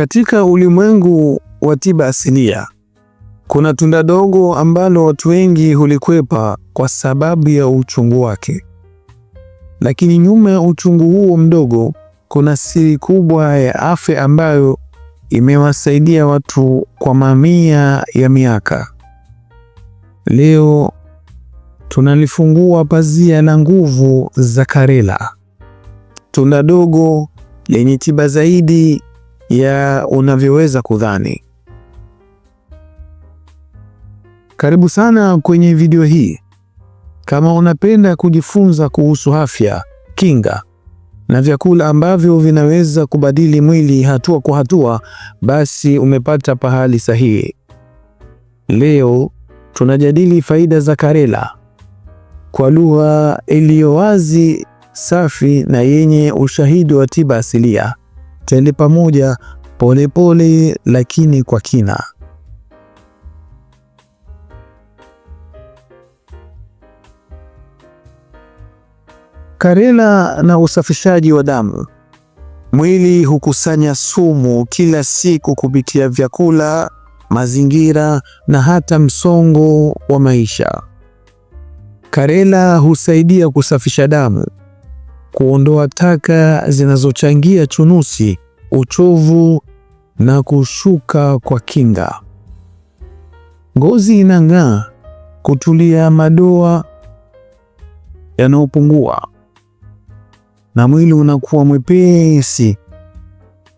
Katika ulimwengu wa tiba asilia, kuna tunda dogo ambalo watu wengi hulikwepa kwa sababu ya uchungu wake. Lakini nyuma ya uchungu huo mdogo, kuna siri kubwa ya afya ambayo imewasaidia watu kwa mamia ya miaka. Leo tunalifungua pazia la nguvu za Karela, tunda dogo lenye tiba zaidi ya unavyoweza kudhani. Karibu sana kwenye video hii. Kama unapenda kujifunza kuhusu afya, kinga na vyakula ambavyo vinaweza kubadili mwili hatua kwa hatua, basi umepata pahali sahihi. Leo tunajadili faida za karela kwa lugha iliyo wazi, safi na yenye ushahidi wa tiba asilia twende pamoja polepole pole, lakini kwa kina. Karela na usafishaji wa damu. Mwili hukusanya sumu kila siku kupitia vyakula, mazingira na hata msongo wa maisha. Karela husaidia kusafisha damu, kuondoa taka zinazochangia chunusi, uchovu na kushuka kwa kinga. Ngozi inang'aa, kutulia madoa yanayopungua na mwili unakuwa mwepesi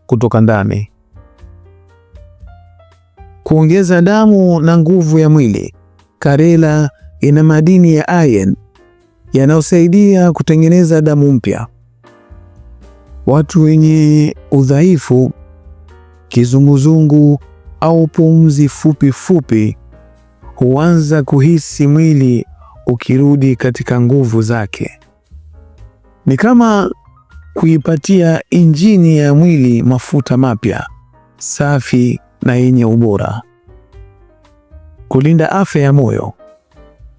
kutoka ndani. Kuongeza damu na nguvu ya mwili. Karela ina madini ya iron yanayosaidia kutengeneza damu mpya. Watu wenye udhaifu, kizunguzungu au pumzi fupi fupi huanza kuhisi mwili ukirudi katika nguvu zake. Ni kama kuipatia injini ya mwili mafuta mapya, safi na yenye ubora. Kulinda afya ya moyo.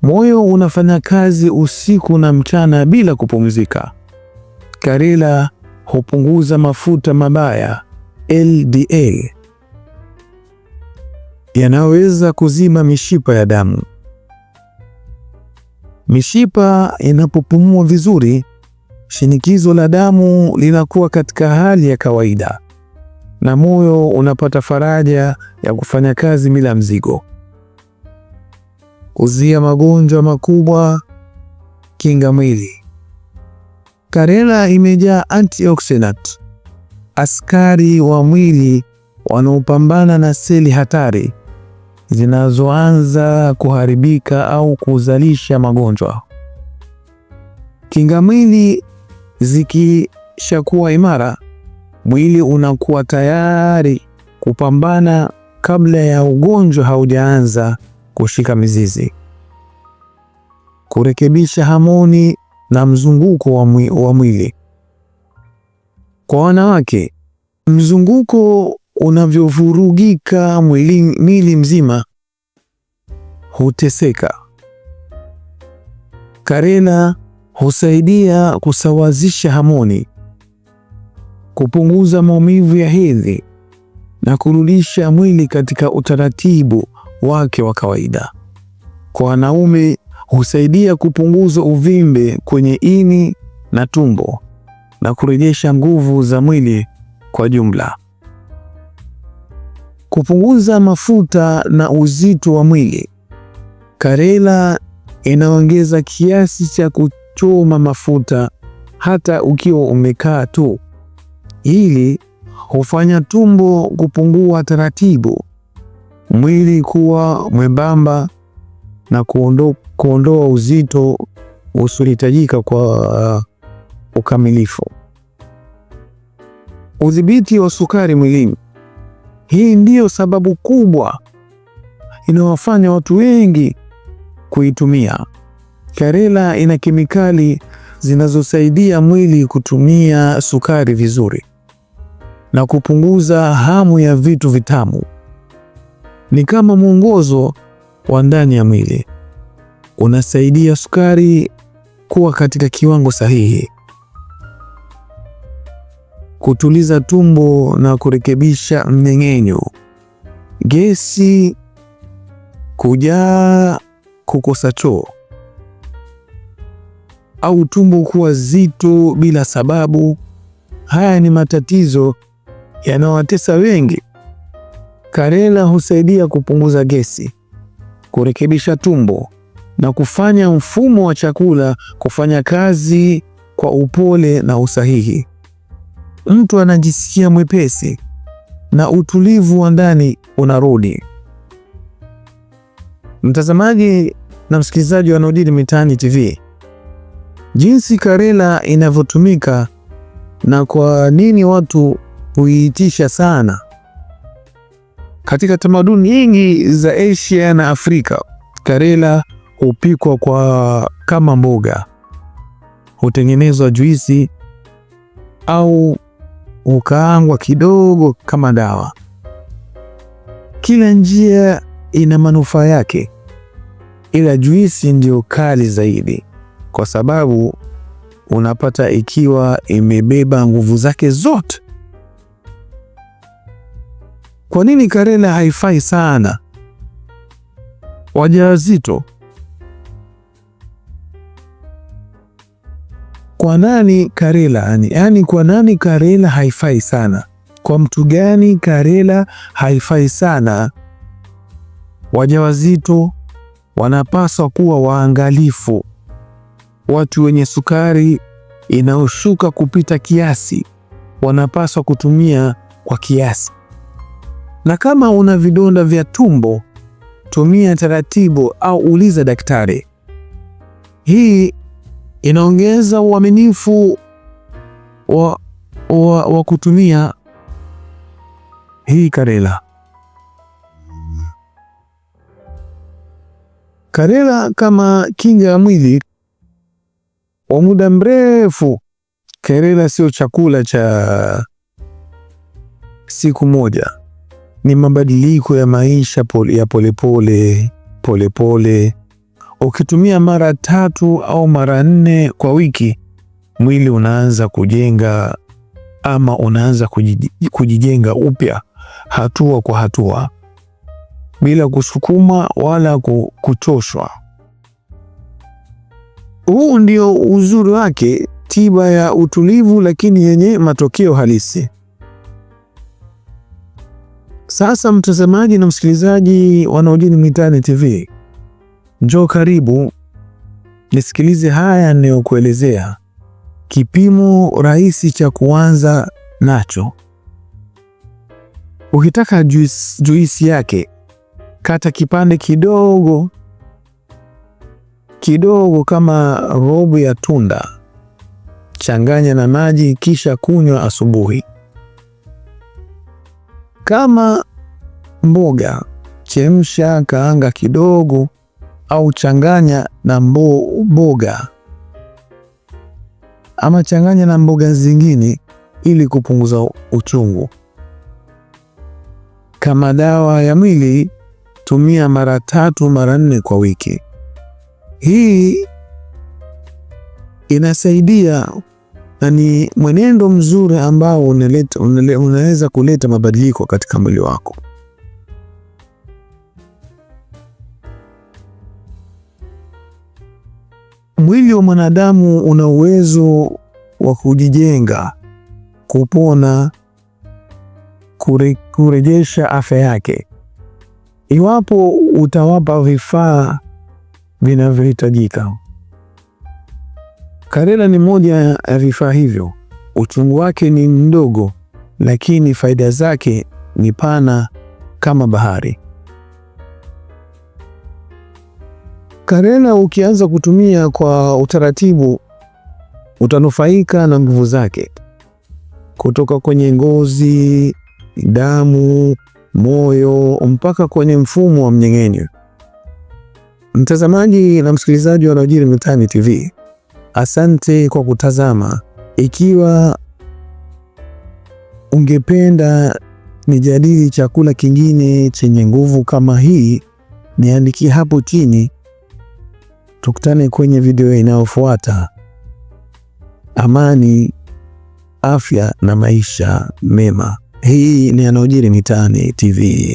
Moyo unafanya kazi usiku na mchana bila kupumzika. Karila hupunguza mafuta mabaya LDL yanaweza kuzima mishipa ya damu. Mishipa inapopumua vizuri, shinikizo la damu linakuwa katika hali ya kawaida na moyo unapata faraja ya kufanya kazi bila mzigo kuzuia magonjwa makubwa, kinga mwili. Karela imejaa antioxidant, askari wa mwili wanaopambana na seli hatari zinazoanza kuharibika au kuzalisha magonjwa. Kinga mwili zikishakuwa imara, mwili unakuwa tayari kupambana kabla ya ugonjwa haujaanza kushika mizizi, kurekebisha homoni na mzunguko wa, mwi, wa mwili. Kwa wanawake, mzunguko unavyovurugika mwili mzima huteseka. Karena husaidia kusawazisha homoni, kupunguza maumivu ya hedhi na kurudisha mwili katika utaratibu wake wa kawaida. Kwa wanaume husaidia kupunguza uvimbe kwenye ini na tumbo na kurejesha nguvu za mwili kwa jumla. Kupunguza mafuta na uzito wa mwili. Karela inaongeza kiasi cha kuchoma mafuta hata ukiwa umekaa tu. Hili hufanya tumbo kupungua taratibu mwili kuwa mwembamba na kuondoa uzito usiohitajika kwa uh, ukamilifu. Udhibiti wa sukari mwilini. Hii ndiyo sababu kubwa inawafanya watu wengi kuitumia. Karela ina kemikali zinazosaidia mwili kutumia sukari vizuri na kupunguza hamu ya vitu vitamu ni kama mwongozo wa ndani ya mwili, unasaidia sukari kuwa katika kiwango sahihi, kutuliza tumbo na kurekebisha mmeng'enyo, gesi, kujaa, kukosa choo au tumbo kuwa zito bila sababu. Haya ni matatizo yanayowatesa wengi. Karela husaidia kupunguza gesi, kurekebisha tumbo na kufanya mfumo wa chakula kufanya kazi kwa upole na usahihi. Mtu anajisikia mwepesi na utulivu wa ndani unarudi. Mtazamaji na msikilizaji wa yanayojiri mitaani TV, jinsi karela inavyotumika na kwa nini watu huiitisha sana. Katika tamaduni nyingi za Asia na Afrika, karela hupikwa kwa kama mboga, hutengenezwa juisi au hukaangwa kidogo kama dawa. Kila njia ina manufaa yake, ila juisi ndio kali zaidi kwa sababu unapata ikiwa imebeba nguvu zake zote. Kwa nini karela haifai sana? Wajawazito, kwa nani karela? ani, yani kwa nani karela haifai sana? Kwa mtu gani karela haifai sana? Wajawazito wanapaswa kuwa waangalifu. Watu wenye sukari inaoshuka kupita kiasi wanapaswa kutumia kwa kiasi. Na kama una vidonda vya tumbo, tumia taratibu au uliza daktari. Hii inaongeza uaminifu wa, wa, wa kutumia hii Karela. Karela kama kinga ya mwili wa muda mrefu. Karela sio chakula cha siku moja ni mabadiliko ya maisha pole, ya polepole polepole. Ukitumia mara tatu au mara nne kwa wiki, mwili unaanza kujenga ama unaanza kujijenga upya hatua kwa hatua bila kusukuma wala kuchoshwa. Huu ndio uzuri wake, tiba ya utulivu lakini yenye matokeo halisi. Sasa mtazamaji na msikilizaji yanayojiri mitaani TV, njoo karibu nisikilize haya ninayokuelezea. Kipimo rahisi cha kuanza nacho, ukitaka juisi, juisi yake kata kipande kidogo kidogo kama robo ya tunda, changanya na maji, kisha kunywa asubuhi. Kama mboga, chemsha, kaanga kidogo au changanya na mboga ama changanya na mboga zingine ili kupunguza uchungu. Kama dawa ya mwili, tumia mara tatu mara nne kwa wiki. Hii inasaidia na ni mwenendo mzuri ambao unaleta, unaweza kuleta mabadiliko katika mwili wako. Mwili wa mwanadamu una uwezo wa kujijenga, kupona, kure, kurejesha afya yake iwapo utawapa vifaa vinavyohitajika. Karela ni moja ya vifaa hivyo. Uchungu wake ni mdogo, lakini faida zake ni pana kama bahari. Karela ukianza kutumia kwa utaratibu, utanufaika na nguvu zake kutoka kwenye ngozi, damu, moyo mpaka kwenye mfumo wa mmeng'enyo. Mtazamaji na msikilizaji wa yanayojiri mitaani TV, Asante kwa kutazama. Ikiwa ungependa nijadili chakula kingine chenye nguvu kama hii, niandikie hapo chini. Tukutane kwenye video inayofuata. Amani, afya na maisha mema. Hii ni yanayojiri mitaani TV.